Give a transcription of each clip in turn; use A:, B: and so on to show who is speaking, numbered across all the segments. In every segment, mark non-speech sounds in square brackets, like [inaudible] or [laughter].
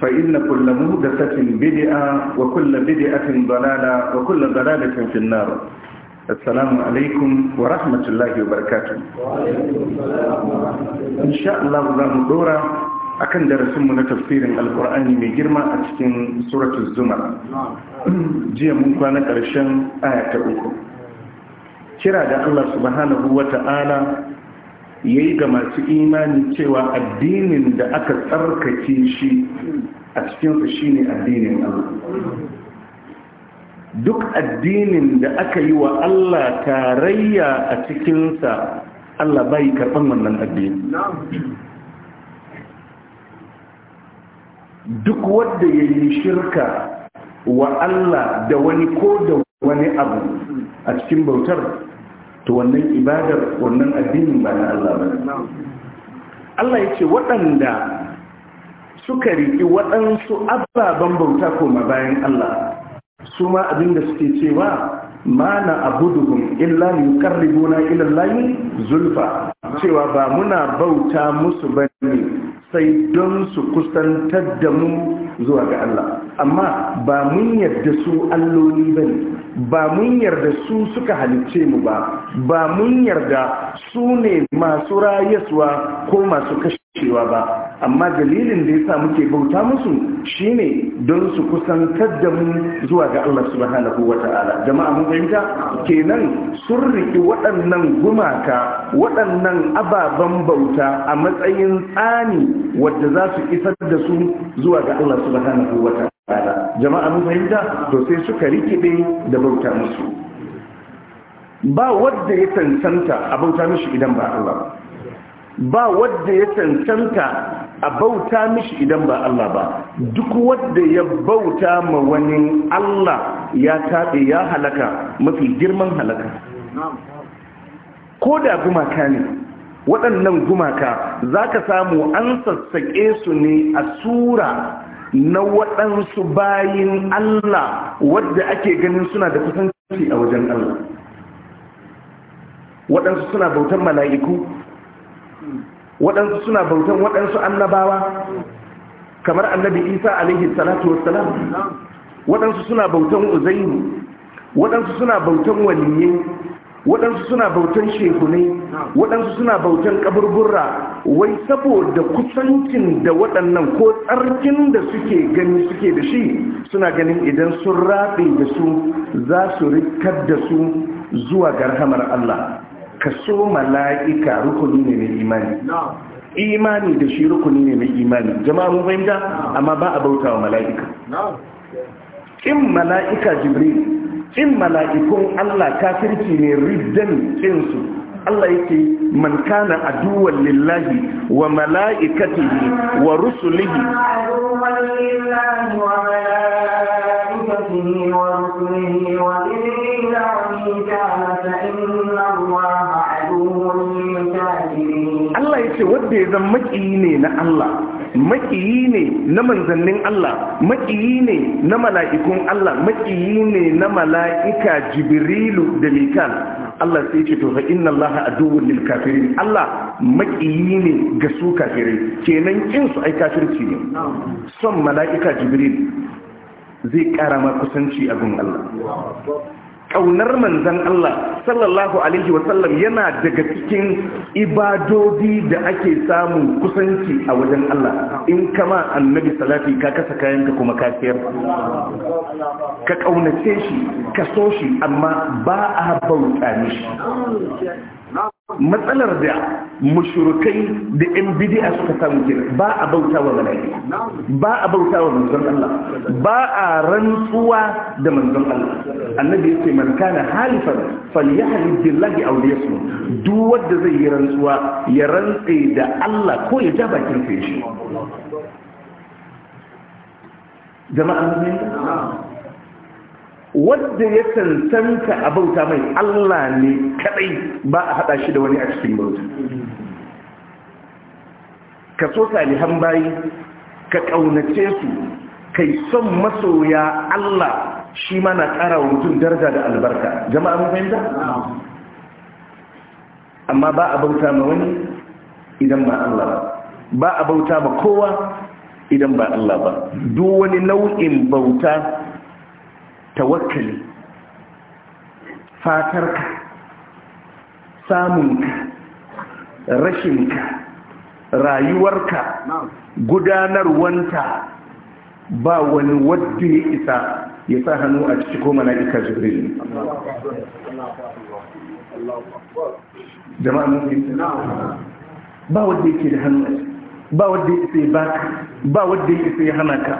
A: فإن كل مهدسة بدعة وكل بدعة ضلالة وكل ضلالة في النار السلام عليكم ورحمة الله وبركاته إن شاء الله زام دورة أكن درسمنا تفسير القرآن من جرمة أتكين سورة الزمر جي ممكن أرشان آية أوكو kira da Allah subhanahu wa ta'ala ya yi ga masu imani cewa addinin da aka tsarkake shi a cikinsu shine addinin Allah duk addinin da aka yi wa Allah tarayya a cikinsa Allah bai karɓan wannan addini duk wadda ya yi shirka wa Allah da wani ko da wani abu a cikin bautar to wannan ibadar wannan addinin ba na Allah ba Allah ya ce waɗanda suka riƙi waɗansu ababen bauta koma bayan Allah su ma abinda suke cewa ma na abuduhum illa karni gona Allah zulfa cewa ba muna bauta musu ba ne sai don su kusantar da mu zuwa ga Allah amma ba mun yarda su alloli ne, ba mun yarda su suka halicce mu ba ba mun yarda su ne masu rayaswa ko masu kashe cewa ba amma dalilin da yasa muke bauta musu shine don su kusantar da mu zuwa ga Allah subhanahu wata'ala jama'a mun fahimta kenan sun riki waɗannan gumaka waɗannan ababen bauta a matsayin tsani wadda za su isar da su zuwa ga Allah subhanahu wata'ala jama'a mun fahimta to sai suka rikide da bauta musu ba wadda ya tantanta a bauta mishi idan ba Allah ba ba wadda ya cancanta a bauta mishi idan ba Allah ba duk wadda ya bauta ma wani Allah ya taɓe ya halaka mafi girman halaka ko da gumaka ne waɗannan gumaka za ka samu an sassaƙe su ne a sura na waɗansu
B: bayin Allah
A: wadda ake ganin suna da kusanci a wajen Allah waɗansu suna bautar mala'iku waɗansu suna bautan waɗansu annabawa kamar annabi isa alaihi salatu wassalam waɗansu suna bautan uzairu waɗansu suna bautan waliyye waɗansu suna bautan shehunai waɗansu suna bautan kaburbura wai saboda kusancin da waɗannan ko tsarkin da suke gani suke da shi suna ganin idan sun raɓe da su za su rikar da su zuwa garhamar Allah kaso mala'ika rukuni ne mai imani imani da shi rukuni ne mai imani jama'a mun fahimta amma ba a bauta wa mala'ika in mala'ika jibril in mala'ikun allah kafirci ne riddan cinsu Allah yake man kana aduwan lillahi wa mala'ikatihi wa rusulihi
B: Allah yake wadda ya zan
A: makiyi ne na Allah makiyi ne na manzannin Allah makiyi ne na mala'ikun Allah makiyi ne na mala'ika Jibrilu da Mikal Allah sai ce to fa inna Allah aduwwul lil kafirin Allah makiyi ne ga su kafirai kenan kin su ai kafirci ne son mala'ika jibril zai kara ma kusanci abin Allah ƙaunar manzan Allah sallallahu alaihi wasallam yana daga cikin ibadodi da ake samun kusanci a wajen Allah in kama annabi salati ka kasa kayanka kuma ka ka ƙaunace shi ka so shi amma ba a bauta mishi matsalar da mushrikai da yan a suka samu kenan ba a bauta wa mala'ika ba a bauta wa manzon Allah ba a rantsuwa da manzon Allah annabi yace man kana halifan falyahlif billahi aw liyasmut duk wanda zai yi rantsuwa ya rantse da Allah ko ya ja bakin shi jama'a wadda ya tantanta a bauta mai Allah ne kadai ba a hada shi da wani a cikin bauta ka so talihan bayi ka kaunace su kai son masoya Allah shi ma na kara wa mutum daraja da albarka jama'a mun fahimta amma ba a bauta ma wani idan ba Allah ba ba a bauta ma kowa idan ba Allah ba duk wani nau'in bauta tawakkali fatarka samunka rashinka rayuwarka gudanarwanta ba wani wadda ya isa ya sa hannu a ciki ko mala'ika jibril ba wadda ke da hannu ba wadda ya isa ya baka ba wadda ya isa ya hana ka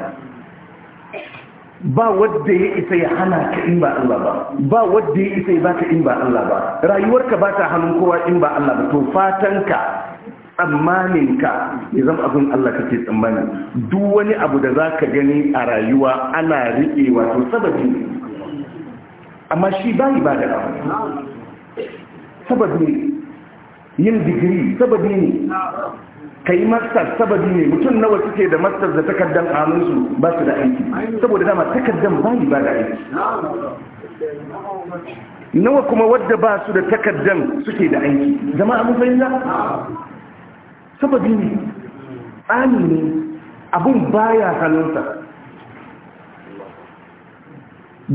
A: ba wadda ya isa ya hana ka in ba Allah ba ba wadda ya isa ya baka in ba Allah ba rayuwarka ba ta hannun kowa in ba Allah ba to fatanka tsammaninka ya zama abin Allah kake tsammani duk wani abu da za ka gani a rayuwa ana riƙe wato sababi amma shi ba yi ba da sababi yin digiri sababi ne ka yi masters sababi ne mutum nawa suke da masters da takardar aminsu ba su da aiki saboda dama takardar bayi ba da aiki nawa kuma wadda ba su da takardar suke da aiki zama abin fahimta sababi ne tsani ne abin baya hannunsa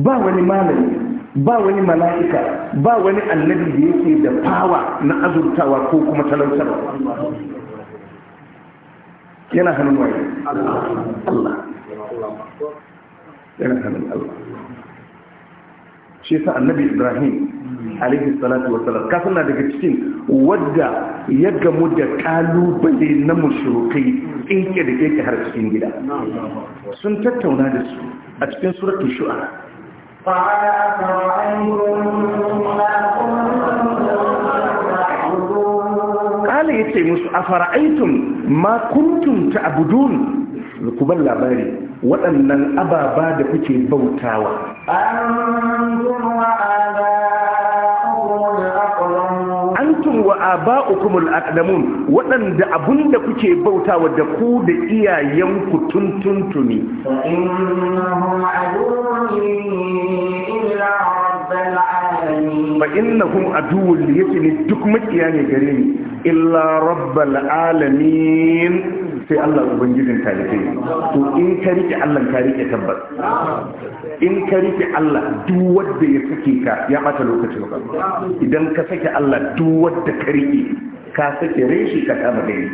A: ba wani malami ba wani mala'ika ba wani annabi da yake da fawa na azurtawa ko kuma talautarwa yana hannun wani Allah yana hannun Allah shi sa annabi Ibrahim alaihi salatu daga cikin wadda ya gamu da kalubale na mushrikai tsinke da keke har cikin gida sun tattauna da su a cikin suratul shu'ara فعلى kala ya ce musu a fara'aitun ma ta abudun ku ban labari waɗannan ababa da kuke bautawa antum wa aba'ukumul aqdamun waɗanda abunda kuke bautawa da ku da iyayenku tuntuntuni innahum
B: aduwwun illa
A: fa innahum aduwwun yake ne duk makiya ne gare ni illa rabbal alamin sai Allah ubangijin talibai to in ka rike Allah ka rike tabbas in ka rike Allah duk wanda ya sake ka ya bata lokacin ka idan ka sake Allah duk wanda ka rike ka sake reshi ka kama gani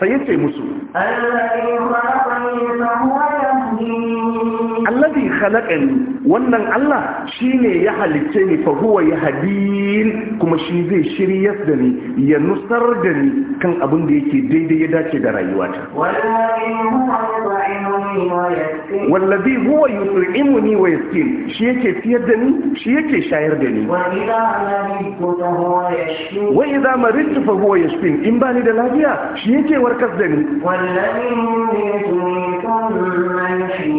A: sayyace musu allazi khalaqani wannan Allah shine ya halicce ni fa huwa yahdin kuma shi zai shiryar da ni ya nusar da ni kan abin da yake daidai ya dace da rayuwata wallazi huwa yut'imuni wa yaskin shi yake fiyar da ni shi yake shayar da ni wa
B: idha maridtu
A: fa huwa yashfin in bani da lafiya shi yake warkas da ni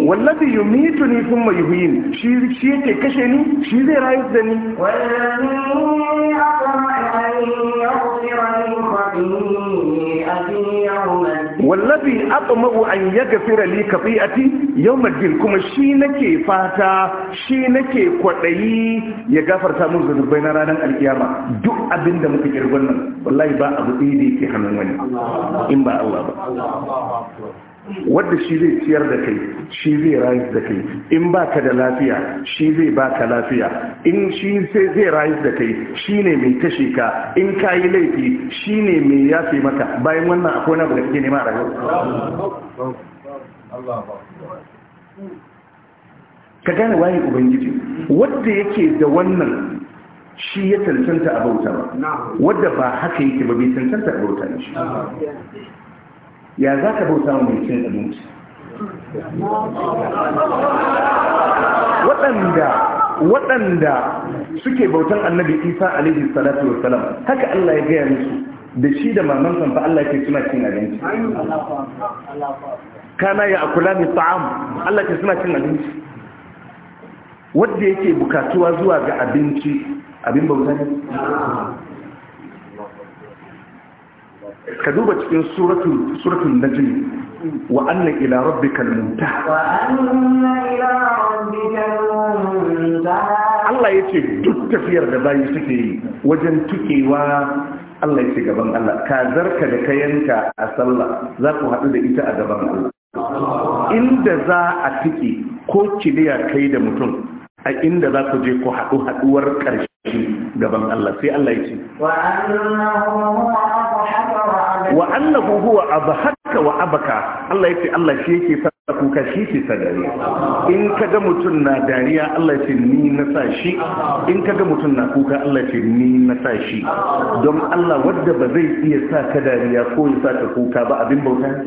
A: wallazi yumituni thumma yuhyini shi shi yake kashe
B: ni shi zai rayu da ni wallazi aqma an wallabi atma'u an
A: yaghfira li khati'ati yawm al-din kuma shi nake fata shi nake kwadayi ya gafarta mun zunubai na ranar alkiyama duk abinda muka kirgon nan wallahi ba abu dai da yake hannun wani in ba Allah ba wadda shi zai ciyar da kai shi zai rayu da kai in ba ka da lafiya shi zai ba ka lafiya in shi sai zai rayu da kai shi ne mai kashe ka in ka yi laifi shi ne mai yafe maka bayan wannan akwai na da kake nema a ka gane waye ubangiji wadda yake da wannan shi ya cancanta a bauta ba wadda ba haka yake ba bai cancanta a bauta ne shi ya za ka bauta mai cin abinci waɗanda waɗanda suke bautan annabi isa alaihi salatu wa salam haka allah ya gaya musu da shi da mamansa fa allah ke suna cin abinci kana ya akula mai ta'am allah ke suna cin abinci wadda yake bukatuwa zuwa ga abinci abin bauta ne ka duba cikin suratun najm wa anna ila
B: ila
A: Allah yace duk tafiyar da bayi suke yi wajen tukewa Allah ce gaban Allah ka zarka da kayanka a sallah za ku haɗu da ita a gaban Allah inda za a tuke ko kiliya kai da mutum a inda za ku je ku haɗu haɗuwar ƙarshe gaban Allah sai Allah ya ce wa annahu huwa abhaka wa abaka Allah ya ce Allah shi yake sa kuka shi ke sa dariya in kaga mutum na dariya Allah ya ce ni na sa shi in kaga mutum na kuka Allah ya ce ni na sa shi don Allah wadda ba zai iya sa ka dariya ko ya sa ka kuka ba abin bauta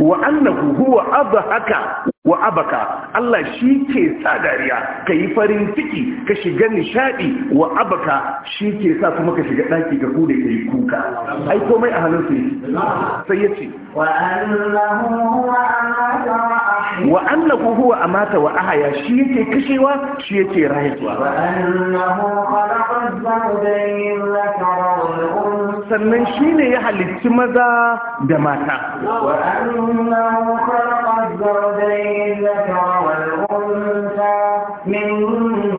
A: wa annahu huwa abhaka wa abaka Allah shi ke sa dariya ka yi farin ciki ka shiga nishadi wa abaka shi ke sa kuma ka shiga ɗaki ka kude ka yi kuka ai komai a hannun sai sai ya ce wa annahu huwa amata wa ahaya shi yake kashewa shi yake rayuwa
B: sannan shi ne ya halitti maza
A: da mata
B: min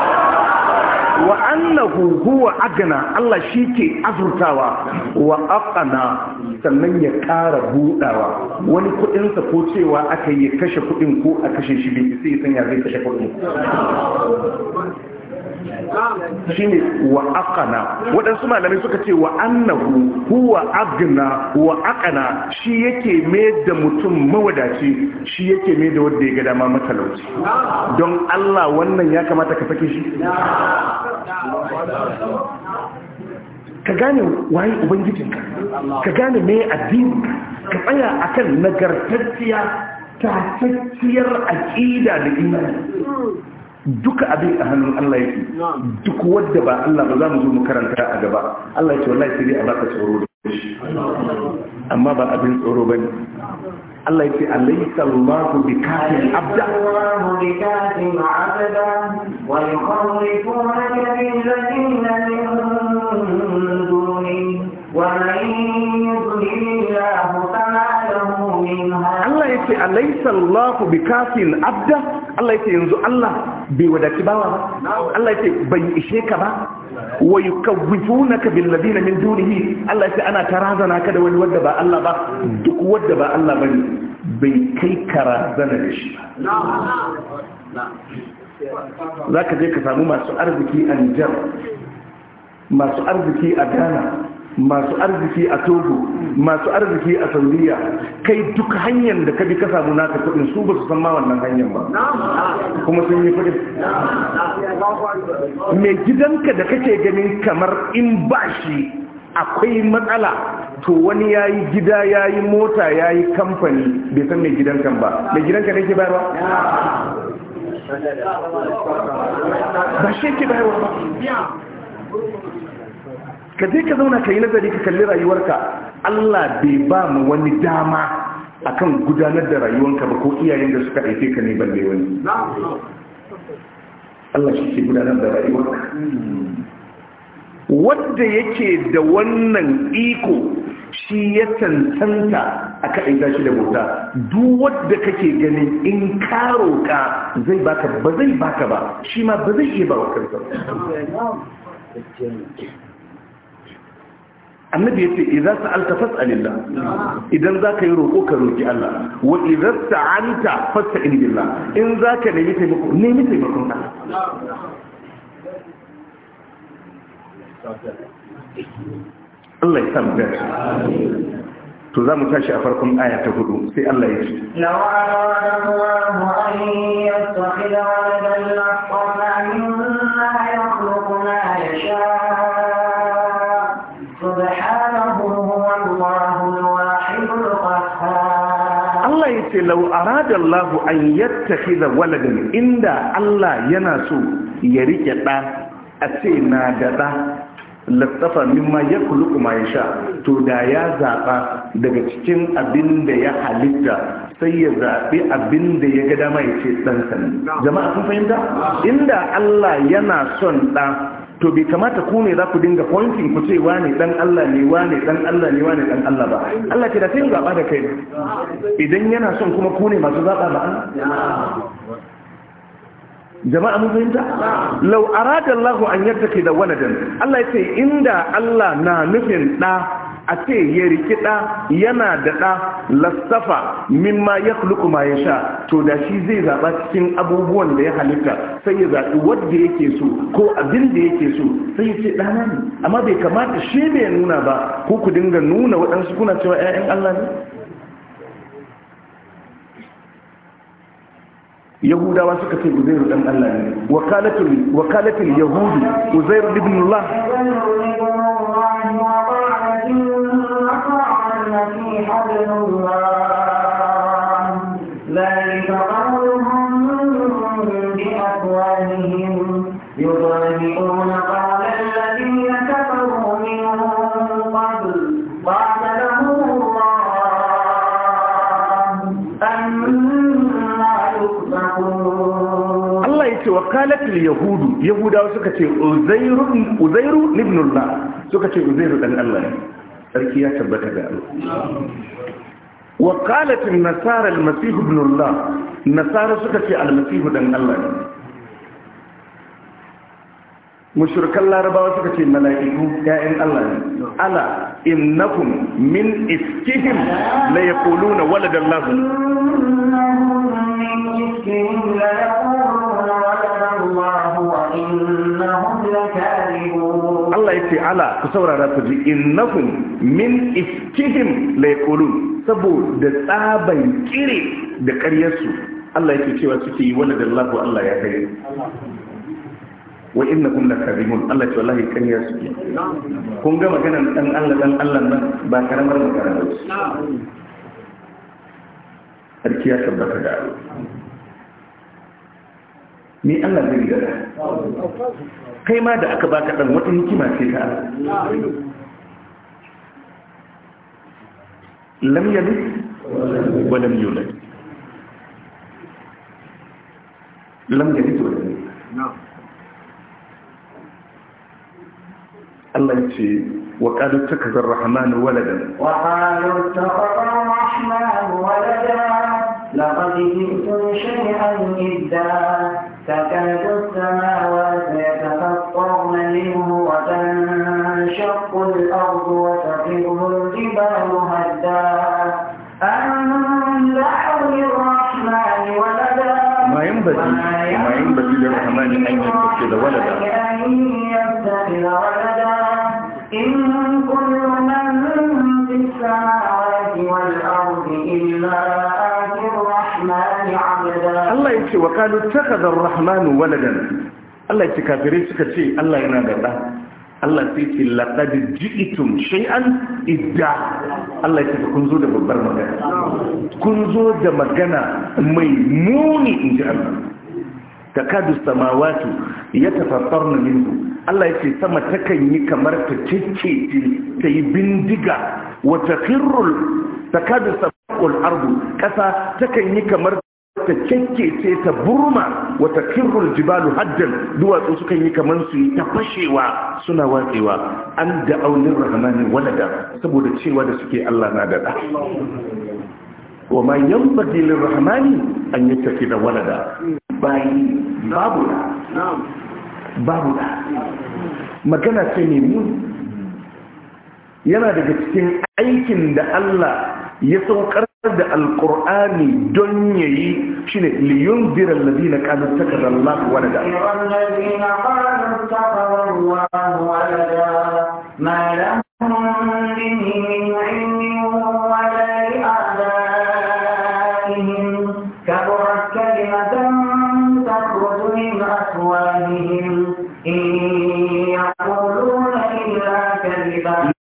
A: wa annahu huwa agana Allah shi ke azurtawa wa aqna sannan ya ƙara budawa wani kuɗin sa ko cewa aka yi kashe kuɗin ko a kashe shi bai sai san ya zai kashe kudin shine wa aqana waɗansu malamai suka ce wa annahu huwa aqna wa aqana shi yake mai da mutum mawadaci shi yake mai da wanda ya ga dama matalauci don Allah wannan ya kamata ka sake shi ka gane waye ubangijinka ka gane me addini ka tsaya akan nagartacciya ta tatacciyar aƙida da imani duka abin a hannun Allah yake duk wadda ba Allah ba za mu zo mu karanta a gaba Allah ya ce wallahi sai dai a baka tsoro da shi amma ba abin tsoro bane Allah ya ce alaysa Allahu bikafin abda Allahu bikafin abda wa
B: yukhawwifunaka bil ladina min duni wa man yudlil Allah Allah ya ce
A: alaysa bi bikafin abda Allah ya ce yanzu Allah bai wadaci bawa ba Allah ya ce bai ishe ka ba wa yukawwifunaka bil ladina min dunihi Allah ya ce ana tarazana ka da wani wanda ba Allah ba duk wanda ba Allah bane bai kai karazana da shi
C: za ka je ka samu masu arziki a Nijar
A: masu arziki a Ghana masu arziki a togo masu arziki a saudiya kai duk hanyar da ka bi ka samu naka kudin su ba su san ma wannan hanyar ba kuma sun yi kudin mai gidanka da kake ganin kamar in ba shi akwai matsala to wani ya yi gida ya yi mota ya yi kamfani bai san mai gidanka ba mai gidanka ne ke bayarwa
C: ba shi ke bayarwa ba
A: ka je ka zauna ka yi nazari ka kalli rayuwarka Allah bai ba mu wani dama akan gudanar da rayuwanka ba ko iyayen da suka haife ka ne balle wani Allah shi ke gudanar da rayuwarka wanda yake da wannan iko shi ya tantanta a kaɗin shi da bauta duk wadda kake ganin in karo ka zai baka ba zai baka ba shi ma ba zai iya ba wa kansa annabi yace idza sa'alta fas'alillah idan zaka yi roko ka roki Allah wa idza sta'anta fasta'in billah in zaka nemi taimako nemi taimakon Allah Allah ya samu gari to za mu tashi a farkon aya ta hudu sai Allah ya ce
B: lawa Allahu an yastakhila wa la yaqulu ma yaqulu ma yasha
A: ce lau arada Allah an da waladin inda Allah yana so ya rike ɗa a ce na da ɗa lattafa mimma kuma ya sha, to da ya zaɓa daga cikin abin da ya halitta sai ya zaɓi abin da ya ga dama ya ce ne jama'a sun fahimta inda Allah yana son ɗa. to bai kamata ku ne za ku dinga pointing ku ce wane dan Allah ne wane dan Allah ne wane dan Allah ba Allah ce da sai zaba da kai idan yana son kuma ku ne masu zaba ba jama'a mun fahimta law arada Allah an yarda ki da waladan Allah yace inda Allah na nufin da a ce ya riki ɗa yana da ɗa lastafa mimma ya ma ya sha to da shi zai zaɓa cikin abubuwan da ya halitta sai ya zaɓi wadda yake so ko abin da yake so sai ya ce ɗana ne amma bai kamata shi ne ya nuna ba ko ku dinga nuna waɗansu kuna cewa 'ya'yan Allah ne yahudawa suka ce uzairu dan Allah ne wakalatul wakalatul yahudi uzairu ibn Allah
B: المسيح ابن الله ذلك قولهم بأقوالهم يضاهئون قول الذين كفروا منهم قبل قاتلهم الله أما يؤفكون
A: وقالت اليهود يهودا سكتي أزير أزير ابن الله سكتي أزير أن الله sarki ya tabbata ga wa qalat nasara al-masih ibn Allah nasara suka ce al-masih dan Allah ne mushrikan larabawa suka ce mala'iku ƴaƴan Allah ne ala innakum min iskihim la yaquluna walada Allah min
B: iskihim la yaquluna Allah ya ce ala ku saurara
A: ku ji innahum min iftihim la saboda tsaban kire da ƙaryarsu Allah yake cewa suke yi wala dallahu Allah ya kai wa innakum lakazibun Allah ce wallahi ƙarya suke kun ga maganar dan Allah dan Allah nan ba karamar magana ba ce Sarki tabbata da Allah ni Allah zai gada kai ma da aka baka dan wata hikima ce ta lam yalid wa lam yulad lam yalid wa lam yulad Allah ya ce wa qalu takazar rahmanu waladan
B: wa qalu takazar rahmanu waladan laqad ji'tum shay'an idda تكاد السماوات يتفطرن منه وتنشق الأرض وتخر الجبال هدا أن دعوا للرحمن ولدا ما ينبغي ما ينبغي للرحمن أن يتخذ ولدا
A: wa kalu takaza rahmanu waladan Allah ya ce kafire suka ce Allah yana da ɗa Allah sai ce laqad ji'tum shay'an idda Allah ya ce kun zo da babbar magana kun zo da magana mai muni in ji Allah takadu samawati yatafattarna minhu Allah ya ce sama takan yi kamar ta cicce ta yi bindiga wa takhirrul takadu sabqul ardu kasa takan yi kamar ta kyakkece ta burma wata kirrul jibalu haddan duwatsu sukan yi kamar su yi ta fashewa suna watsewa an da aunin rahmanin walada saboda cewa da suke Allah na dada wa ma yan fadilin rahmani an yi tafi da walada bayi babu da babu da magana ce ne mu yana daga cikin aikin da Allah ya saukar da alkur'ani don yayi shine liyun zira lalazina kanin takar Allah walada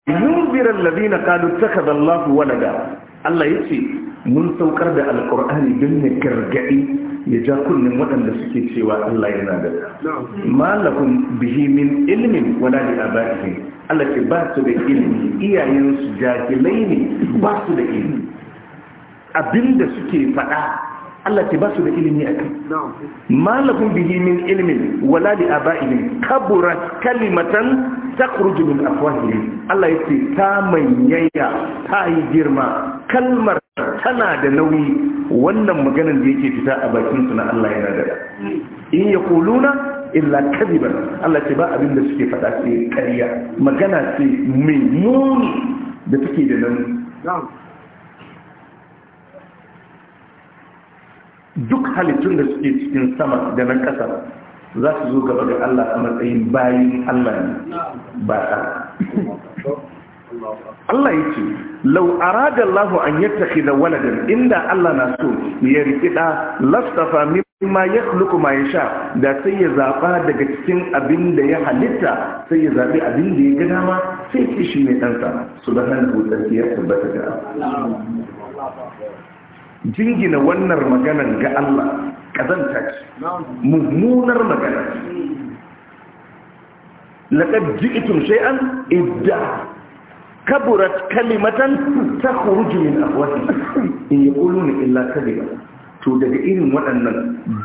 B: ينذر
A: الذين قالوا اتخذ الله ولدا Allah ya ce mun saukar da alkur'ani don ya gargaɗi ya ja kunnen waɗanda suke cewa Allah yana da malakun bihi min ilmin ne a abaihi Allah ce ba su da ilmi iyayensu jahilai ne ba su da ilimi, abinda suke faɗa Allah ce ba su da ilimi a kai malakun bihi min ilimin wala li ba'ilin kaburat kalimatan kurji min afwahihim Allah ya ce ta manyaya ta yi girma kalmar tana da nauyi wannan maganar da yake fita a bakin su na Allah yana da in ya yaquluna illa kadiban Allah ce ba abin da suke faɗa sai ƙarya magana ce mai muni da take da nauyi duk halittun da suke cikin sama da na ƙasa za su zo gaba ga Allah a matsayin bayin Allah ne ba ta Allah yake lau arada Allah an yi da waladan inda Allah na so ya rikida lastafa mimma kuluku ma ya sha, da sai ya zaɓa daga cikin abin da ya halitta sai ya zaɓi abin da ya ga dama sai shi mai ɗansa su subhanahu ya tabbata da Allah jingina wannan maganan ga Allah kazanta ce mummunar magana laqad ji'tum shay'an idda kaburat kalimatan takhruju min afwahikum in yaquluna illa kadhiba to daga irin waɗannan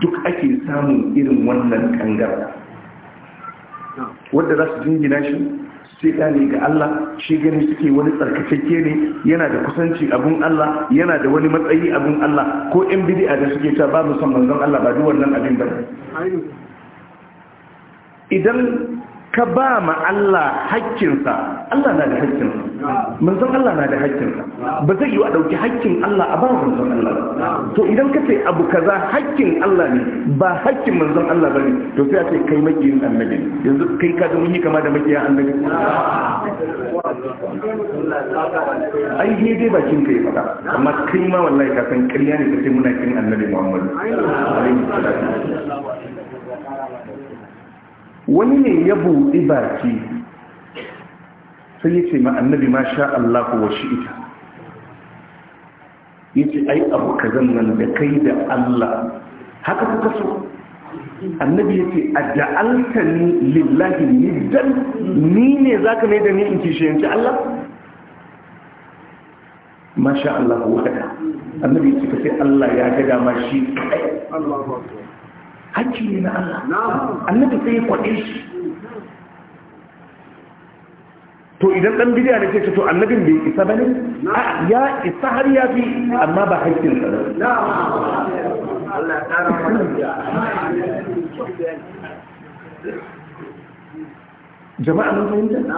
A: duk ake samun irin wannan kangara wanda za su jingina shi sai ne ga Allah shi ganin suke wani tsarkakakke ne yana da kusanci abun Allah yana da wani matsayi abun Allah ko in bid'a da suke ta babu son manzon Allah ba duk wannan abin ba idan ka ba ma Allah haƙƙinsa Allah na da haƙƙinsa manzon Allah na da haƙƙinsa ba zai yi a ɗauki haƙƙin Allah a ba manzon Allah to idan ka ce abu kaza haƙƙin Allah ne ba haƙƙin manzon Allah ba ne to sai a ce kai makiyin annabi yanzu kai ka ga mun yi kama da makiyin annabi
C: ai ne dai bakin ka yi faɗa amma kai ma wallahi ka
A: san ƙarya ne ka ce muna kin annabi Muhammad alaihi salatu wani ne ya buɗi baki sai ya ce ma annabi ma sha Allah wa ita. ya ce ai abu ka zannan da kai da Allah haka kuka so annabi ya ce a da'alta ni lillahi dan ni ne za ka mai da ni in yanci Allah ma sha Allah wa hada annabi ya ce ka sai Allah ya gada ma shi Allah hajji ne na
C: Allah annabi sai ya kwaɗe shi
A: to idan ɗan bidiya ne ce to annabin bai isa ba ne ya isa har ya fi amma ba haƙƙin sa jama'a mun fahimta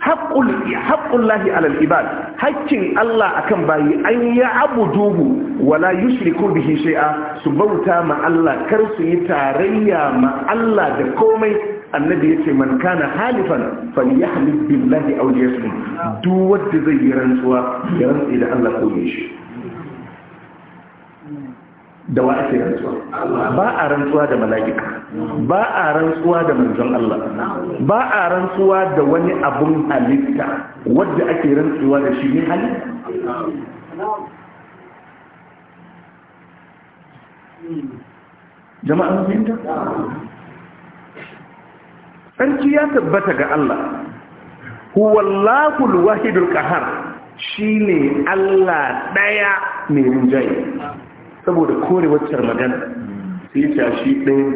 A: haƙƙullahi alal ibad haƙƙin Allah akan bayi an ya duhu wala yushriku bihi shai'a su bauta ma Allah kar su yi tarayya ma Allah da komai annabi ce man kana halifan falyahlif billahi aw liyasmut duk wanda zai yi rantsuwa ya rantsi da Allah ko shi
C: da wa ake rantsuwa ba a rantsuwa da mala'ika
A: ba a rantsuwa da manzon Allah ba a rantsuwa da wani abun halitta wadda ake rantsuwa da shi ne halitta jama'a mafinta Sarki ya tabbata ga Allah huwallahul wahidul qahar shine Allah daya mai rinjaye saboda kore waccar magana sai ta shi ɗin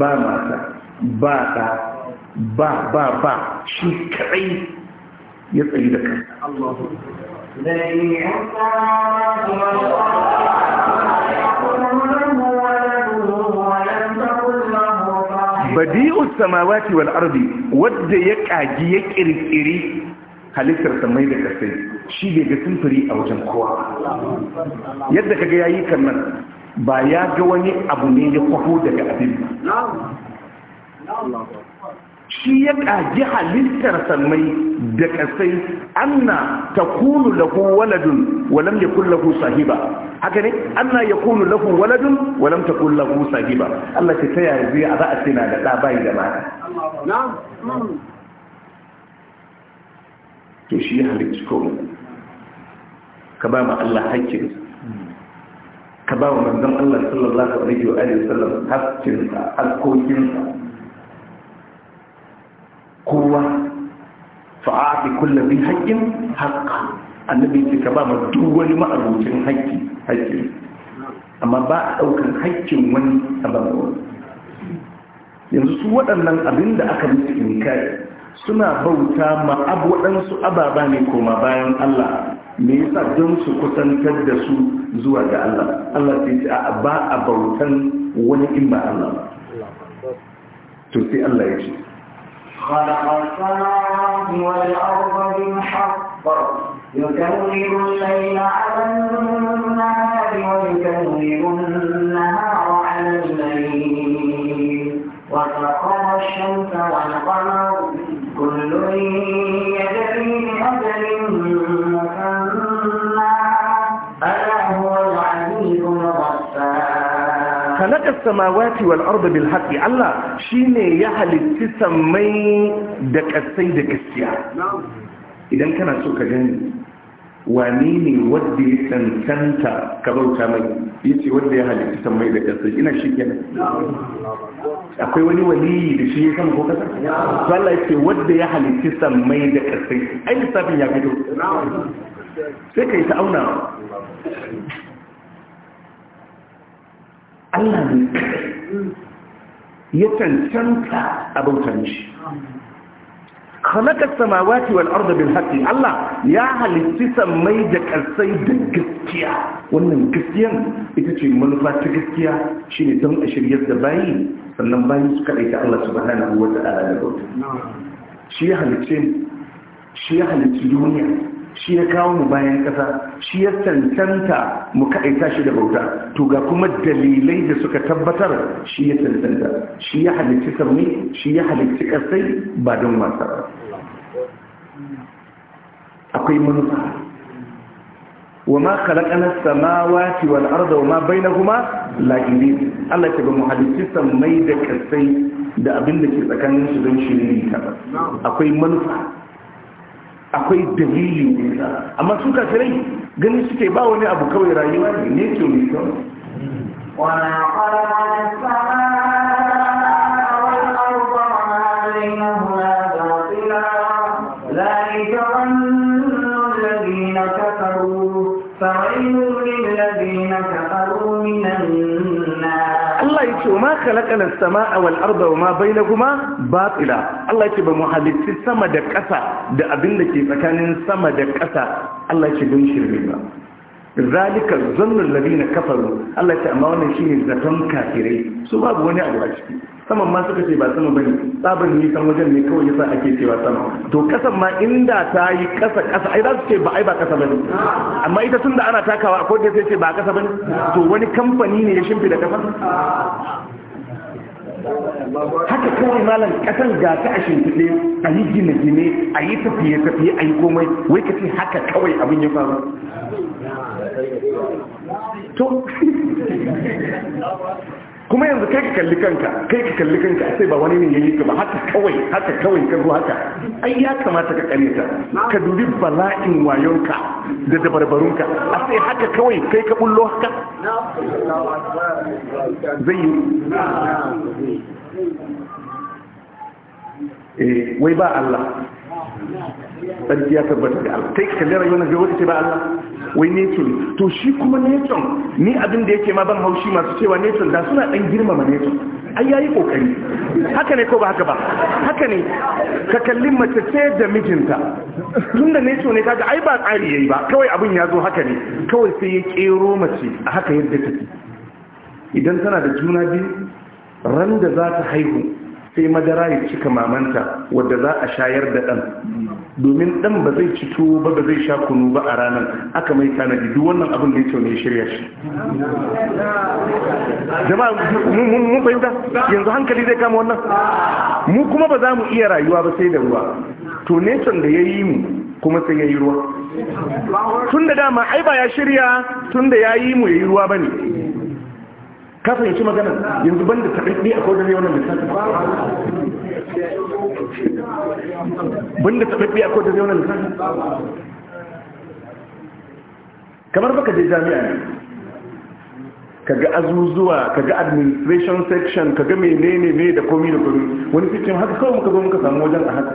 A: ba mata ba ɗa ba ba ba
B: shi kaɗai ya tsayi da kan badi'u
A: samawati wal ardi wadda ya kaji ya kirkiri halittar samai da kasai shi bai ga sumfuri a wajen kowa yadda kaga yayi kan ba ya ga wani abu ne ya kwafo daga abin shi ya ƙaji halittar sammai da ƙasai anna ta kunu lahu waladun walam ya kun lahu sahiba haka ne anna ya kunu lahu waladun walam ta kun lahu sahiba Allah ta taya zai a za a ce da ɗa bayi da
B: mata
A: to shi ya halicci komai ka ba ma Allah hakkinsa ka ba wa manzon Allah sallallahu alaihi wa alihi wasallam hakkinsa hakkokinsa kowa fa'ati kullu bi haqqin haqqan annabi ce ka ba ma duk wani ma'abucin haƙƙi amma ba a ɗaukar haƙƙin wani a ba yanzu su waɗannan abin da aka musu inkari suna bauta ma ababa ne koma bayan Allah me yasa don su kusantar da su zuwa ga Allah Allah sai ce a ba a bautan wani in ba Allah to sai Allah ya ce
B: خلق السماوات والأرض خلق السماوات
A: والأرض بالحق الله شيني يحل تسمي دكسي دكسيا نعم. إذا كان سوكا جاني wane ne wadda ya cancanta ka bauta mai ya ce wadda ya halitta ta mai da ƙasa ina shi kenan akwai wani waliyi da shi ya sama ko kasa Allah ya ce wadda ya halitta ta mai da ƙasa ai lissafin ya fito sai ka yi ta auna Allah ne ya tantanta a bauta mishi khalaqa samawati wal arda bil haqqi Allah ya halitti sammai da ƙarsai da gaskiya wannan gaskiya ita ce manufa ta gaskiya shine don a shiryar da bayi sannan bayi su kaɗai ta Allah subhanahu wa ta'ala da shi ya shi ya halicci duniya shi ya kawo mu bayan kasa, shi ya cancanta mu kaɗaita shi da bauta to ga kuma dalilai da suka tabbatar shi ya cancanta shi ya halitti sarmi shi ya halitti ƙasai ba don wasa akwai manufa wa ma khalaqana samawati wal arda wa ma bainahuma la'ibin Allah ya ba mu halitti sammai da ƙasai da abin da ke tsakanin su don shi ne akwai manufa akwai dalilin nisa amma su kafirai gani suke ba wani abu kawai rayuwa ne ne ke nisa khalaqana as-samaa wal arda wama bainahuma batila Allah yake ba mu halitti sama da ƙasa da abin da ke tsakanin sama da ƙasa Allah yake don shirme ba zalika zannul ladina kafaru Allah yake amma wannan shine zaton kafirai su babu wani abu a ciki saman ma suka ce ba sama bane tsaban ne san wajen ne kawai yasa ake cewa sama to kasan ma inda ta yi kasa kasa ai za su ce ba ai ba kasa bane amma ita tunda ana takawa akwai da sai ce ba kasa bane to wani kamfani ne ya shimfi da kafa haka kawai malam kasan ga ta a shimfiɗe a yi gine-gine a yi tafiye-tafiye a yi komai wai ka ce haka kawai abin ya faru
C: to [laughs]
A: kuma yanzu kai ka kalli kanka kai ka kalli kanka sai ba wani ne yayi ka ba haka kawai haka kawai ka zo haka ai ya kamata ka kare ta ka dubi bala'in wayonka da dabarbarunka a sai haka kawai kai ka bullo haka
C: zai yi
A: eh wai ba Allah
C: sarki ya tabbata da Allah take kalle rayuwar nan wata ce ba Allah
A: wai nation to shi kuma nation ni abin da yake ma ban haushi masu cewa nation da suna ɗan girmama nation ai yayi kokari haka ne ko ba haka ba haka ne ka kalli mace ce da mijinta tunda nation ne kaga ai ba tsari yayi ba kawai abin ya zo haka ne kawai sai ya kero mace a haka yadda take idan tana da juna biyu ran da za ta haihu sai madara ya cika mamanta wadda za a shayar da ɗan domin ɗan ba zai ci tuwo ba ba zai sha kunu ba a ranar aka mai tanadi duk wannan abin da ya ne shirya shi
C: jama'a mun fahimta
A: yanzu hankali zai kama wannan mu kuma ba za mu iya rayuwa ba sai da ruwa to neton da ya yi mu kuma sai ya yi ruwa tun da dama ai ba ya shirya tun da ya yi mu ya yi ruwa ba ne ka yake magana yanzu banda taɓaɓɓe a kodin yau na lissafi
C: banda taɓaɓɓe a kodin yau na lissafi
A: kamar baka je jami'a ne kaga azuzuwa kaga administration section kaga menene ne da komi da komi wani cikin haka kawai muka zo muka samu wajen a haka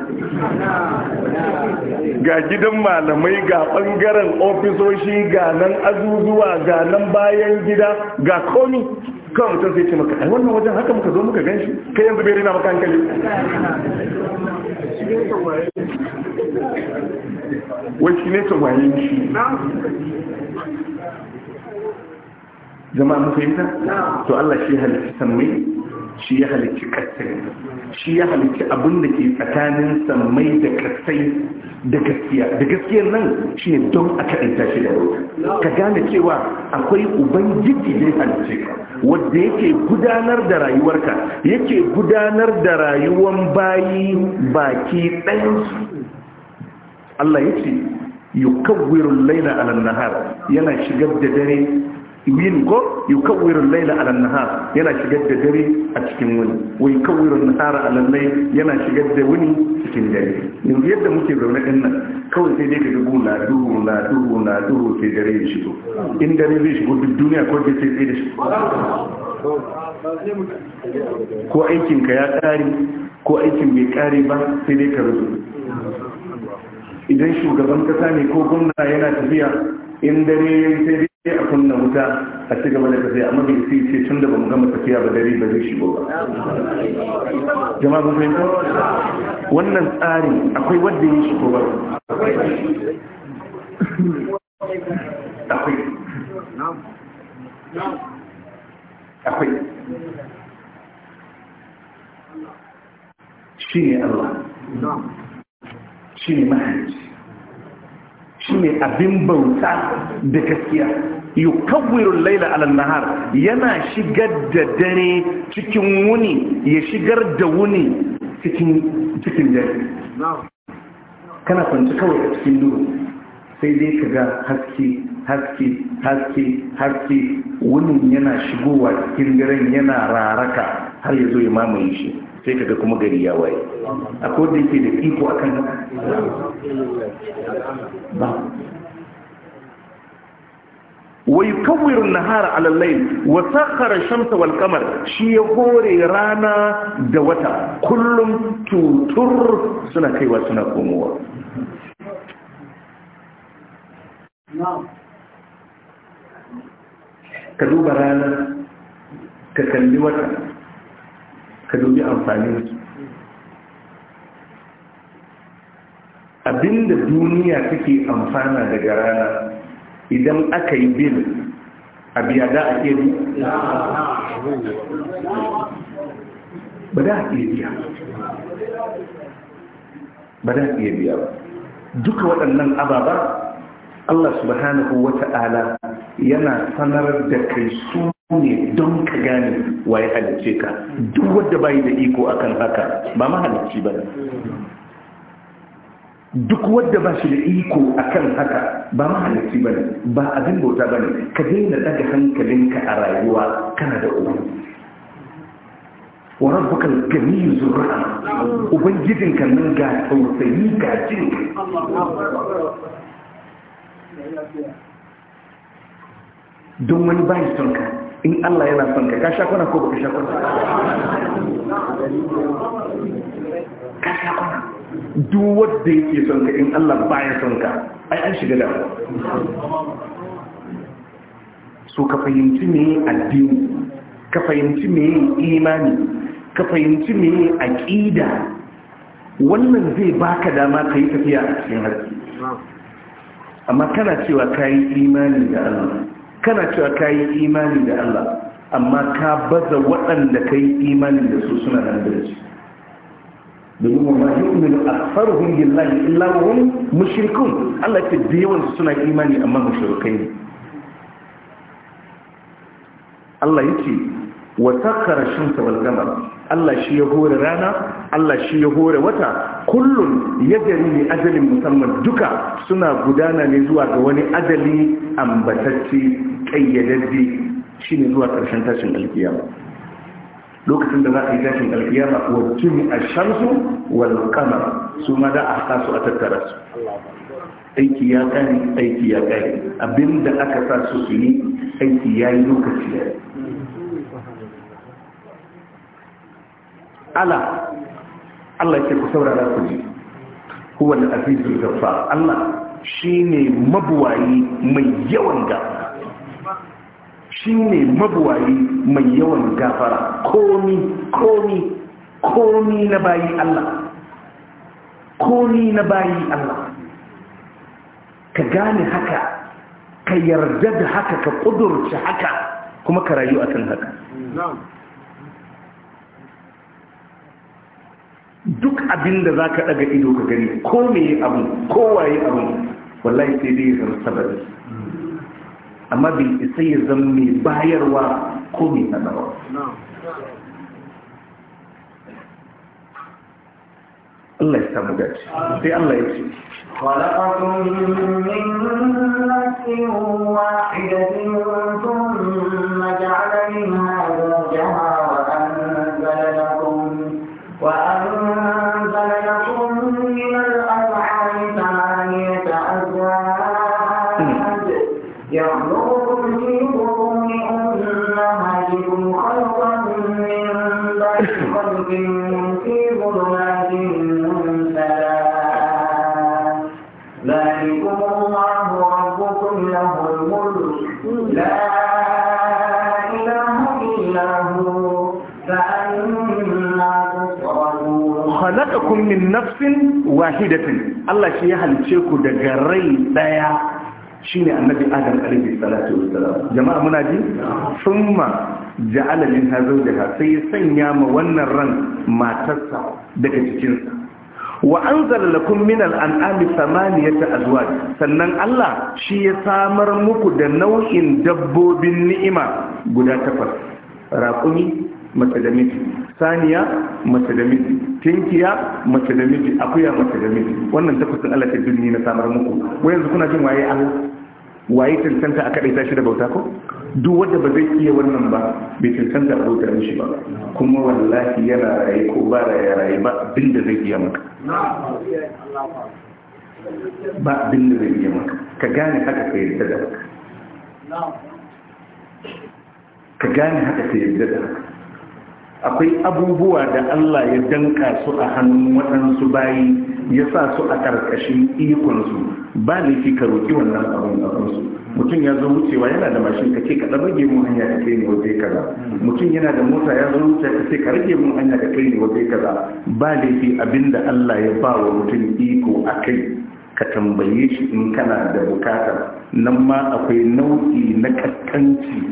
A: ga gidan malamai ga bangaren ofisoshi ga nan azuzuwa ga nan bayan gida ga komi kawai mutum sai ce maka ai wannan wajen haka muka zo muka ganshi kai yanzu bai rina maka hankali
C: wai shi ne tawaye shi
A: jama'a mu fahimta to Allah shi halitta sammai shi ya halici kasai shi ya halicci abin da ke tsakanin sammai da kasai da gaskiya da gaskiyar nan shi ne don a kaɗanta shi da ka gane cewa akwai ubangiji da ya halicce wadda yake gudanar da rayuwarka yake gudanar da rayuwan bayi baki ɗayansu Allah ya ce yukawwirul laila ala nahar yana shigar da dare yin ko yukawwirul laila ala nahar yana shigar da dare a cikin wani wai yukawwirul nahara ala lay yana shigar da wani cikin dare yanzu yadda muke zaune din nan kawai sai dai ka ga na duhu na duhu na duhu ke dare ya shigo in dare zai shigo duk duniya ko da sai da shi ko aikin ka ya kare ko aikin bai kare ba sai dai ka rubu idan shugaban kasa ne ko gwamna yana tafiya in dare sai dai sai a kunna wuta a ci gaba da tafiya amma bai sai ce tun da ba mu gama tafiya ba dare ba zai shigo ba jama'a ba fahimta wannan tsarin akwai wanda ya shigo ba akwai akwai shi ne Allah shi ne mahalicci shine abin bauta da gaskiya yukawwirul laila ala nahar yana shigar da dare cikin wuni ya shigar da wuni cikin cikin dare kana kwanci kawai a cikin duhu sai dai ka ga haske haske haske haske wunin yana shigowa cikin daren yana raraka har ya zo ya mamaye shi sai kaga kuma gari ya waye a kodin ke da iko a kan ba wa yukawwiru nahara ala al-layl wa shamsa wal shi ya hore rana da wata kullum tutur suna kaiwa suna komowa ka duba rana ka kalli wata ka dubi amfanin su abinda duniya take amfana daga rana idan aka yi bil a biya da a ƙeri ba da a iya biya ba da iya biya ba duka waɗannan ababa Allah subhanahu wa ta'ala yana sanar da kai su ne don ka gane waye halice ka duk wadda bayi da iko akan haka ba mahalicci ba duk wadda ba shi da iko akan haka ba mahalicci ba ba abin bauta ba ne ka daina daga hankalinka a rayuwa kana da uwa wa rabbuka al-gani zurra ubangijinka nan ga tausayi ga jin don wani bayan son ka in Allah yana son ka ka kuna ko baka sha kwana ka sha kwana duk wanda yake son ka in Allah baya son ka ai an shiga damu so ka fahimci me addini ka fahimci me imani ka fahimci me aqida wannan zai baka dama kai tafiya a cikin harki amma kana cewa kai imani da Allah kana cewa ka yi imani da Allah amma ka baza waɗanda ka yi imani da su suna nan da su domin wa mahi umaru a farhun billahi illa wahum mushrikun Allah ta da yawan suna imani amma mushrikai ne Allah ce wa takara shamsa wal gama Allah shi ya hore rana Allah shi ya hore wata kullum ya gari ne ajalin musamman duka suna gudana ne zuwa ga wani ajali ambatacce kayyadadde shine zuwa ƙarshen tashin alkiyama lokacin da za a yi tashin alkiyama wa jimi a shamsu wal kamar su ma da a a tattara su aiki ya kare aiki ya kare abinda aka sa su su yi aiki ya yi lokaci ya ala Allah ke ku saurara ku ji huwa da azizul gaffar Allah shine mabuwayi mai yawan gaba shi ne mabuwayi mai yawan gafara komi komi komi na bayi Allah komi na bayi Allah ka gane haka ka yarda da haka ka kudurci haka kuma ka rayu akan haka duk abin da za ka ɗaga ido ka gani ko me abu kowaye abu wallahi sai dai da bari أما بالإسي الزمي باير وقومي نمرو الله يستمد في الله يبسي
B: خلقكم من نفس واحدة ثم جعل منها زوجها وأنزل لكم khalaqakum min
A: nafsin wahidatin Allah shi ya halice ku daga rai daya shine annabi Adam alaihi salatu wassalam jama'a muna ji summa ja'ala min hazawjaha sai sanya ma wannan ran matarsa daga cikin sa wa anzala lakum min al-an'ami thamaniyata azwaj sannan Allah shi ya samar muku da nau'in dabbobin ni'ima guda takwas raƙumi mace saniya mace tinkiya mace da miji akuya mace da miji wannan tafasin Allah ta dunni na samar muku wai yanzu kuna jin waye Allah waye tantanta aka daita shi da bauta ko duk wanda ba zai iya wannan ba bai tantanta bauta ne shi ba kuma wallahi yana raye ko ba raye rayi ba abin da zai iya maka ba abin da zai iya maka ka gane haka ka yarda da haka ka gane haka ka yarda da haka akwai abubuwa da Allah ya danka su a hannun waɗansu bayi ya sa su a ƙarƙashin ikonsu ba laifi ka roƙi wannan abin da kansu mutum ya zo wucewa yana da mashin ka ce ka ɗan rage mun hanya ka kai ne waje kaza mutum yana da mota ya zo wucewa ka ce ka rage mun hanya ka kai ne waje kaza ba laifi abin da Allah ya ba wa mutum iko a kai ka tambaye shi in kana da bukata nan ma akwai nau'i na kaskanci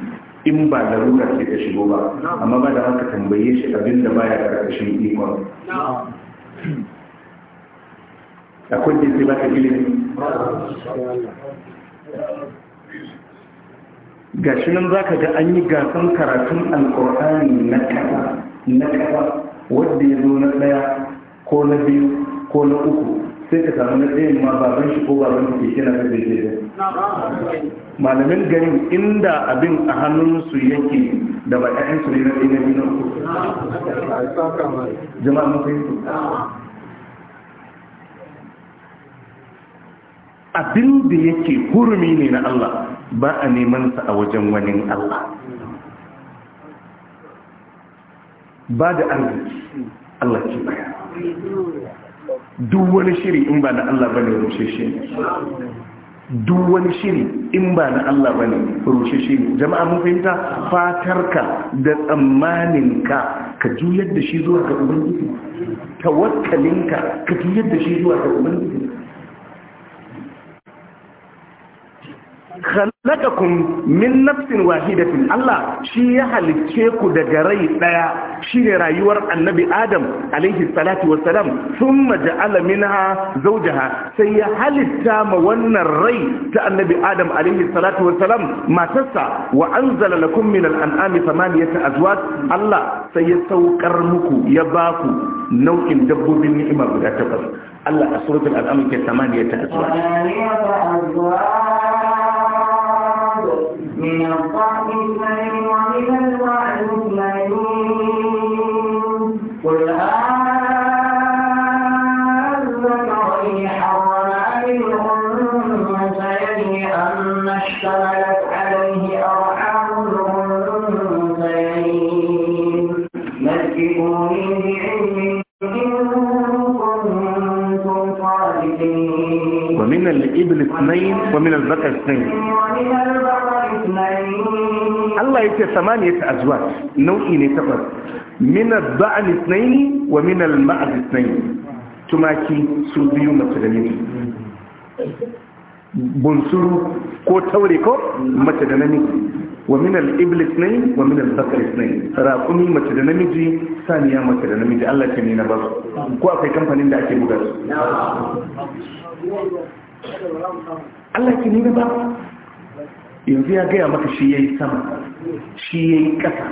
A: in ba da larura ke ta shigo ba amma ba da haka tambaye shi abin da baya karkashin ikon a kudin sai baka ilimi ga shi nan za ka ga an yi gasan karatun alkur'ani na kaba na kaba wadda ya zo na ɗaya ko na biyu ko na uku sai ka samu na tsayin ma baban shi ko baban shi ke kina da ke malamin garin inda abin a hannunsu yake da ba ƴaƴan su ne na tsayin na uku jama'a mun fahimtu abin da yake hurumi ne na Allah ba a neman sa a wajen wani Allah ba da arziki Allah ke baya duk wani shiri in ba na Allah bane rushe shi ne duk wani shiri in ba na Allah bane rushe shi ne jama'a mun fahimta fatarka da tsammaninka ka juyar da shi zuwa ga ubangiji tawakkalinka ka juyar da shi zuwa ga ubangiji khalaqakum min nafsin wahidatin Allah shi ya halicce ku daga rai daya shine rayuwar annabi Adam alaihi salatu wassalam thumma ja'ala minha zawjaha sai ya halitta ma wannan rai ta annabi Adam alaihi salatu wassalam matarsa wa anzala lakum min al-an'ami thamaniyata Allah sai ya saukar muku ya baku nau'in dabbobin guda Allah a
B: من الطعم اثنين ومن الوعد اثنين قل أذكرين حرم أم الأنثيين أم اشتملت عليه أرحام الأنثيين نبئوني بعلم إن ومن
A: الإبل اثنين ومن الذكر اثنين الله يتي ثمانية أزواج نوعي نتقر من الضعن اثنين ومن المعز اثنين تماكي سوبيو متدنين bunsuru ko taure ko mace da namiji wa min al-ibl ithnayn wa min al-bakar ithnayn raqumi mace da namiji saniya mace da namiji Allah ce ne na basu ko akwai kamfanin da ake buga su
C: Allah ce ne na basu
A: yanzu ya gaya maka shi yayi sama shi yayi kasa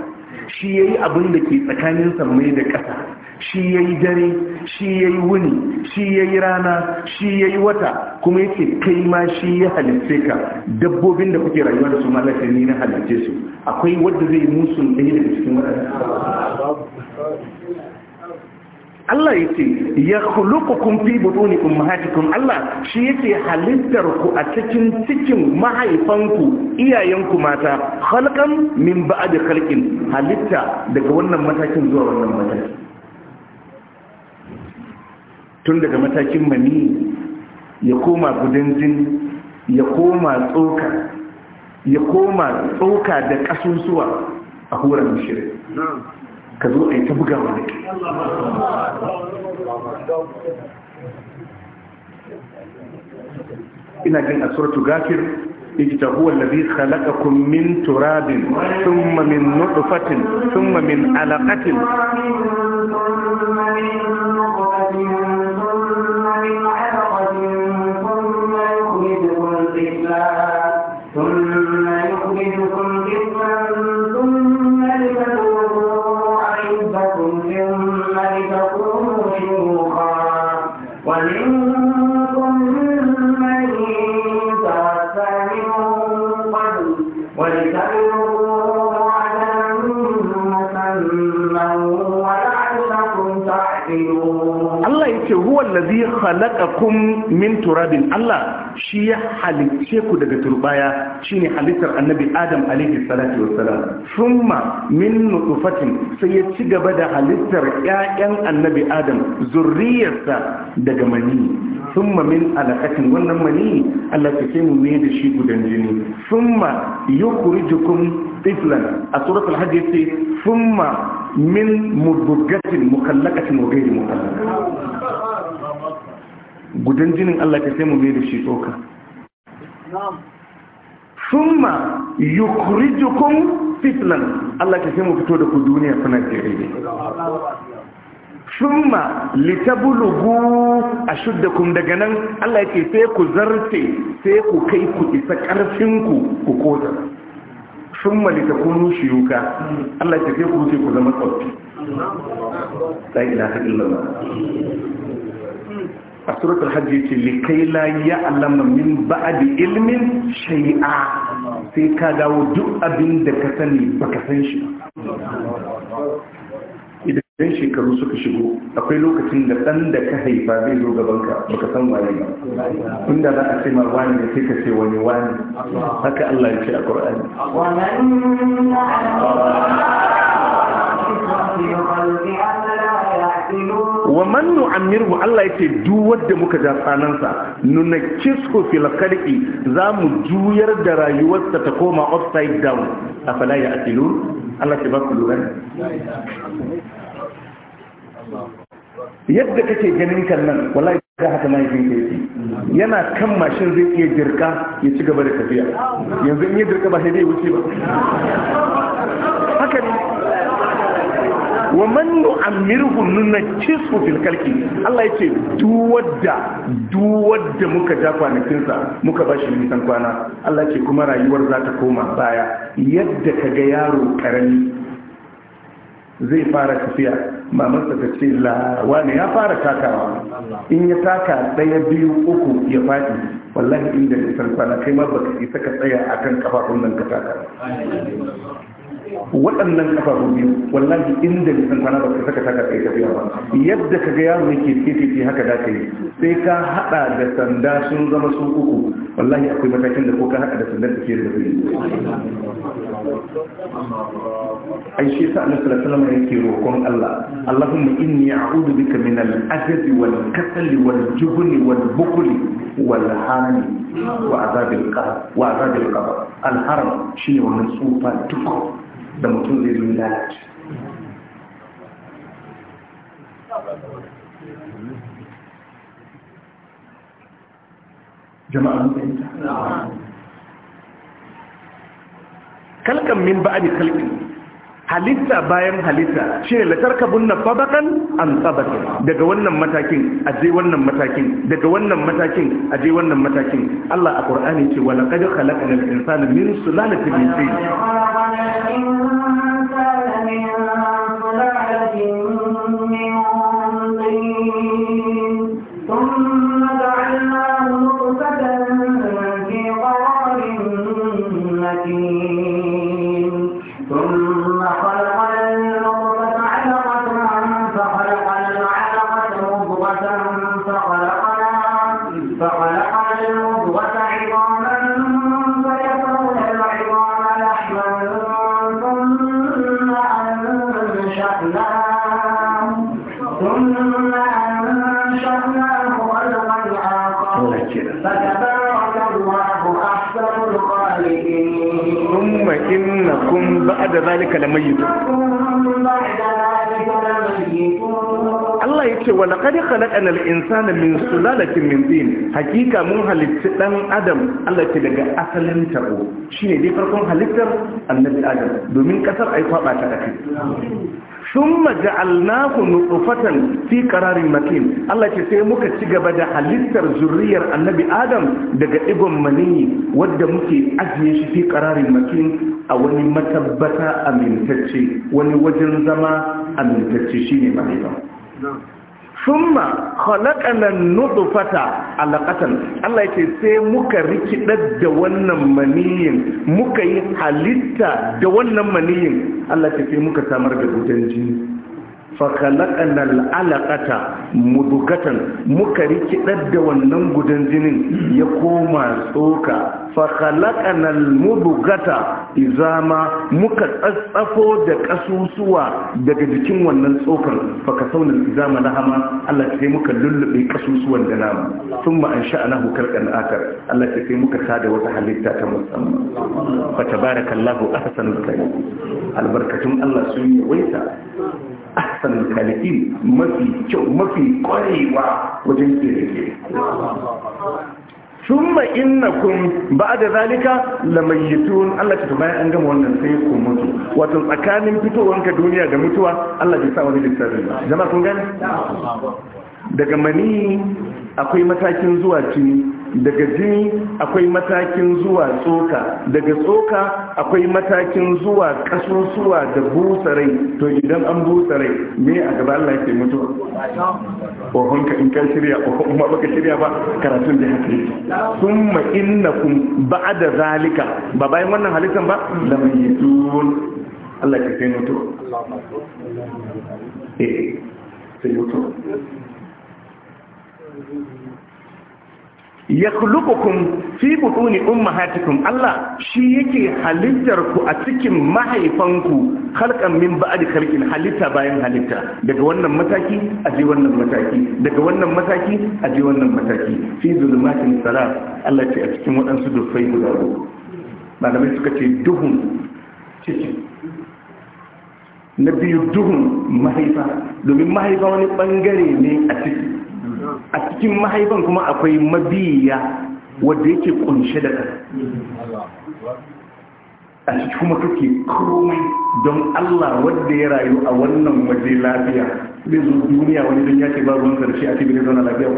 A: shi ya yi abin da ke tsakanin sammai da ƙasa shi ya yi dare shi ya yi wuni shi ya yi rana shi ya yi wata kuma yake kai ma shi ya halitce ka dabbobin da kuke rayuwa da su ma lafiya ni na halitce su akwai wadda zai musun ɗaya daga cikin wadanda Allah ya ce ya kun fi butuni ummahatikum Allah shi yake halittar ku a cikin cikin mahaifanku iyayenku mata halkan min da halkin halitta daga wannan matakin zuwa wannan matakin. tun daga matakin mani ya koma gudun jin, ya koma tsoka ya koma tsoka da ƙasusuwa a hurar shirin ka zo a yi ta buga wani ina jin a suratu gafir ita huwa allazi khalaqakum min turabin thumma min nutfatin thumma min alaqatin allazi khalaqakum min turabin Allah shi ya halicce ku daga turbaya shine halittar annabi Adam alaihi salatu wassalam thumma min nutfatin sai ya ci gaba da halittar ƴaƴan annabi Adam zurriyarsa daga mani thumma min alaqatin wannan mani Allah ya kai mu ne da shi gudan jini thumma yukhrijukum tiflan a suratul hajj thumma min mudghati mukallaqatin wa ghayri mukallaqatin gudan jinin Allah ka sai mu mai da shi tsoka summa yukhrijukum fitlan Allah ka sai mu fito da ku duniya sana jirage summa a ashuddakum daga nan Allah ke sai ku zarce sai ku kai ku isa ƙarfinku ku ku koda summa shi yuka Allah ke sai ku wuce ku zama tsoffi la ilaha a suratul hajji ce likai la ya alama min ba'adi ilmin shai'a sai ka dawo duk abin da ka sani ka san shi idan shekaru suka shigo akwai lokacin da ɗan da ka haifa zai zo gabanka san wani ba inda za a ce ma wani da sai ka ce wani wani haka Allah ya ce a Qur'ani man nu'ammirhu Allah ce duk wanda muka ja tsanansa kisko fil qalbi zamu juyar da rayuwarsa ta koma upside down afala ya atilu Allah ke ba ku lura yadda kake ganin kan nan wallahi da haka mai ka yake yana kan mashin zai iya jirka ya ci gaba da tafiya yanzu in ya jirka ba sai zai wuce ba haka ne wa man nu'ammirhu nunakkisu fil khalqi Allah yace duwadda duwadda muka ja kwanakinsa sa muka bashi nisan kwana Allah yace kuma rayuwar za ta koma baya yadda kaga yaro karami zai fara tafiya mamansa ta ce lawa ne ya fara takawa in ya taka ɗaya biyu uku ya faɗi wallahi inda nisan kwana kai ma baka isa ka tsaya akan kafafun nan ka taka
C: waɗannan
A: kafafun biyu wallahi inda nisan kwana ba ka saka taka kai tafiya ba yadda ka ga yaro yake fififi haka da ka yi sai ka haɗa da sanda sun zama su uku wallahi akwai matakin da ko ka haɗa da sandar da ke da أي شيء صلى الله عليه وسلم يكيره كون الله اللهم إني أعوذ بك من الأذى والكسل والجبن والبخل والهرم وعذاب القهر وعذاب القبر الهرم شيء من ونسوه فاتفق دمتون للولاد جماعة كل كم نعم. من بعد خلقه halitta bayan halitta shi ne latarkabun na fabakan an tsabakin daga wannan matakin a je wannan matakin daga wannan matakin a je wannan matakin Allah a Qur'ani ce wala qad khalaqna al-insana min sulalatin min tin
B: min sulalatin min ba'da zalika
A: lamayyit Allah yake wa laqad khalaqana al-insana min sulalatin min tin hakika mun halitta dan adam Allah ce daga asalin tabo shine dai farkon halittar annabi adam domin kasar ai kwaba ta kai summa ja'alnahu nutfatan fi qararin makin Allah ce sai muka ci gaba da halittar zuriyar annabi Adam daga igon maniyi wadda muke ajiye shi fi qararin makin a wani matabbata amintacce wani wajen zama amintacce shine mahaifa summa khalaqanan nutfata alaqatan Allah yake sai muka rikidar da wannan maniyin muka yi halitta da wannan maniyin Allah yake sai muka samar da gudan jini fakalakana al'alakata mudugatan muka rikidar da wannan gudan jinin ya koma tsoka fakalakana mudugata izama muka tsatsafo da kasusuwa daga jikin wannan tsokan fakasaunin izama na hama Allah sai muka lullube kasusuwan da nama sun ma'an sha'ana hukar ƙan'atar Allah sai muka sada wata halitta ta musamman fata barakallahu a hasan albarkatun Allah sun yi waita ahsan khaliqin mafi kyau mafi kwarewa wajen kirege thumma innakum ba'da zalika lamayitun Allah ta bayan an gama wannan sai ku mutu wato tsakanin ka duniya da mutuwa Allah ya sa wani lissafi jama'a kun gani daga mani akwai matakin zuwa jini daga jini akwai matakin zuwa tsoka daga tsoka akwai matakin zuwa kasusuwa da busarai to idan an busarai me a gaba Allah ke mutu ohon ka in kan shirya ohon ma baka shirya ba karatun da haka yake summa innakum ba'da zalika ba bayan wannan halittan ba da mai Allah ke kai mutuwa eh sai mutuwa yakhluqukum fi butuni ummahatikum Allah shi yake halittar ku a cikin mahaifanku khalqan min ba'di khalqin halitta bayan halitta daga wannan mataki a je wannan mataki daga wannan mataki a je wannan mataki fi zulumatin salat Allah ce a cikin waɗansu dufai guda uku malamai suka ce duhun cikin, na biyu duhun mahaifa domin mahaifa wani bangare ne a ciki a cikin mahaifan kuma akwai mabiya wadda yake kunshe da kan a cikin kuma kake komai don Allah wadda ya rayu a wannan waje lafiya zai zo duniya wani don ya ce ba ruwan karshe a cikin zauna lafiya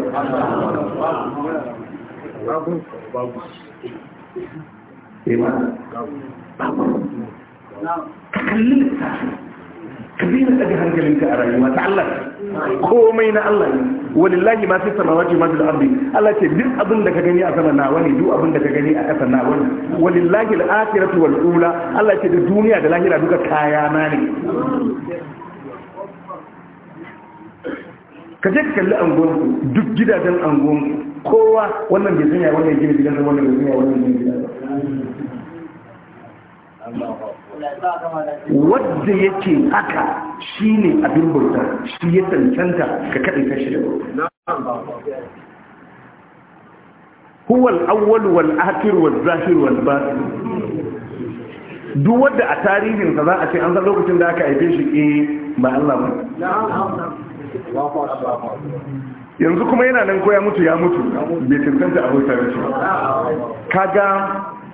A: eh, ka kalli littafi ka daga hankalinka a rayuwa ta Allah komai na Allah ne walillahi ma fi samawati ma fil ardi Allah ce duk abin da ka gani a sama nawa ne duk abin da ka gani a ƙasa nawa ne walillahi al akhiratu wal ula Allah ce da duniya da lahira duka kaya na ne ka je ka kalli angonku duk gidajen angonku kowa wannan bai sanya wannan gidan wannan bai sanya wannan gidan gidan wadda yake haka shi ne abin bauta shi ya tantanta ka kaɗin kashi da bauta huwal awwal wal akhir wal zahir wal batin duk wadda a tarihin sa za a ce an san lokacin da aka haife shi eh ba Allah ba yanzu kuma yana nan ko ya mutu ya mutu bai cancanta abota ba kaga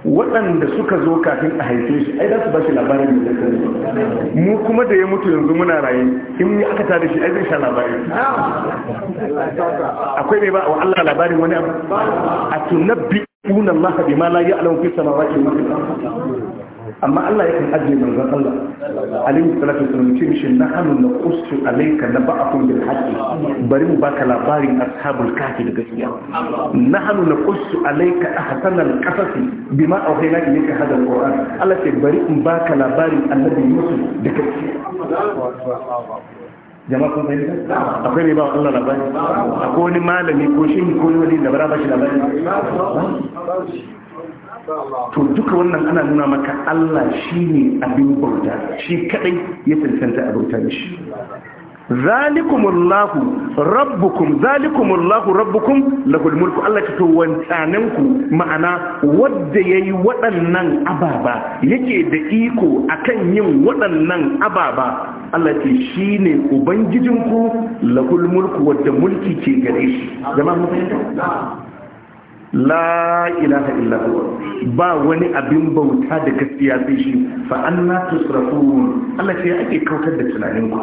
A: waɗanda suka zo kafin a haife shi ai za su ba shi labarin da zai mu kuma da ya mutu yanzu muna raye in yi aka tada shi ai zai sha labarin akwai mai ba a Allah labarin wani abu a tunabbi unan Allah bi ma la ya'lamu fi samawati wa fil amma Allah yakan ajiye manzon Allah alaihi salatu wasallam ce mishi nahnu naqussu alayka naba'akum bil haqqi bari mu baka labarin ashabul kafi da gaskiya nahnu naqussu alayka ahsanal qasasi bima awhayna ilayka hadha alquran Allah ce bari in baka labarin annabi Yusuf da gaskiya jama'a kun fahimta akwai ne ba Allah labari akwai wani malami ko shi ko wani da bara ba shi labari
C: to duka wannan ana nuna maka
A: Allah shi ne abin bauta shi kadai ya tantanta a bauta da shi zalikumullahu rabbukum zalikumullahu rabbukum lahul mulku Allah ta to ku ma'ana wanda yayi waɗannan ababa yake da iko akan yin waɗannan ababa Allah ce ne ubangijinku lahul mulku wanda mulki ke gare shi jama'a mun fahimta la ilaha illa ba wani abin bauta da gaskiya sai shi fa anna tusrafun Allah ce ake kautar da tunanin ku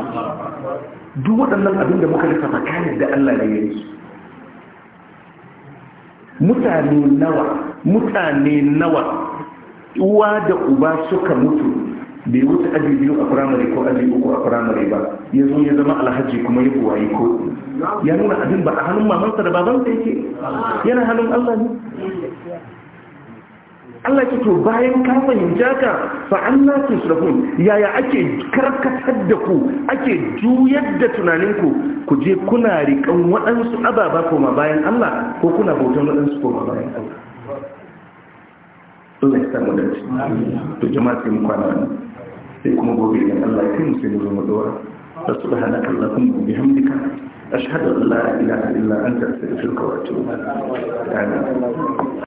A: duk waɗannan abin da muka lissafa kayan da Allah ne yake mutane nawa mutane nawa uwa da uba suka mutu bai wuce aji biyu a firamare ko aji uku a firamare ba ya zo ya zama alhaji kuma ya buwaye ko ya nuna abin ba a hannun mamansa da babansa yake yana
B: hannun allah ne
A: Allah ke to bayan ka fahimta ka fa Allah tusrafun yaya ake karkatar da ku ake juyar da tunaninku ku je kuna rikan waɗansu ababa koma bayan Allah ko kuna bautan waɗansu koma bayan Allah Allah ya samu dace to jama'a sai mu kwana wannan sai kuma gobe idan Allah ya kai mu sai mu zo mu dora subhanaka allahumma wa bihamdika ashhadu an la ilaha illa anta astaghfiruka wa atubu
C: ilaik